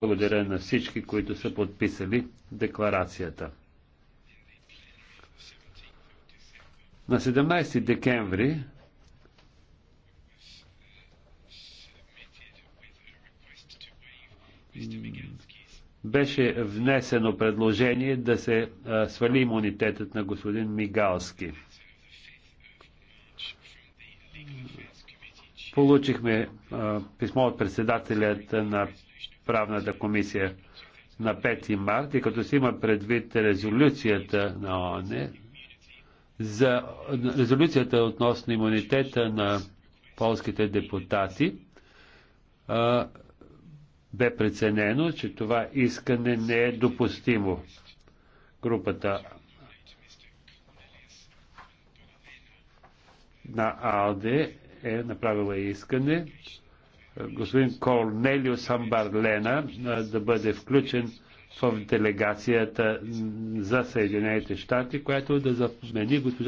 Благодаря на всички, които са подписали декларацията. На 17 декември беше внесено предложение да се свали имунитетът на господин Мигалски. Получихме а, писмо от председателят на правната комисия на 5 март и като си има предвид резолюцията на ООН за резолюцията относно имунитета на полските депутати, а, бе преценено, че това искане не е допустимо. Групата на АЛДЕ е направила искане господин Корнелио Самбарлена да бъде включен в делегацията за Съединените щати, която да замени госпожа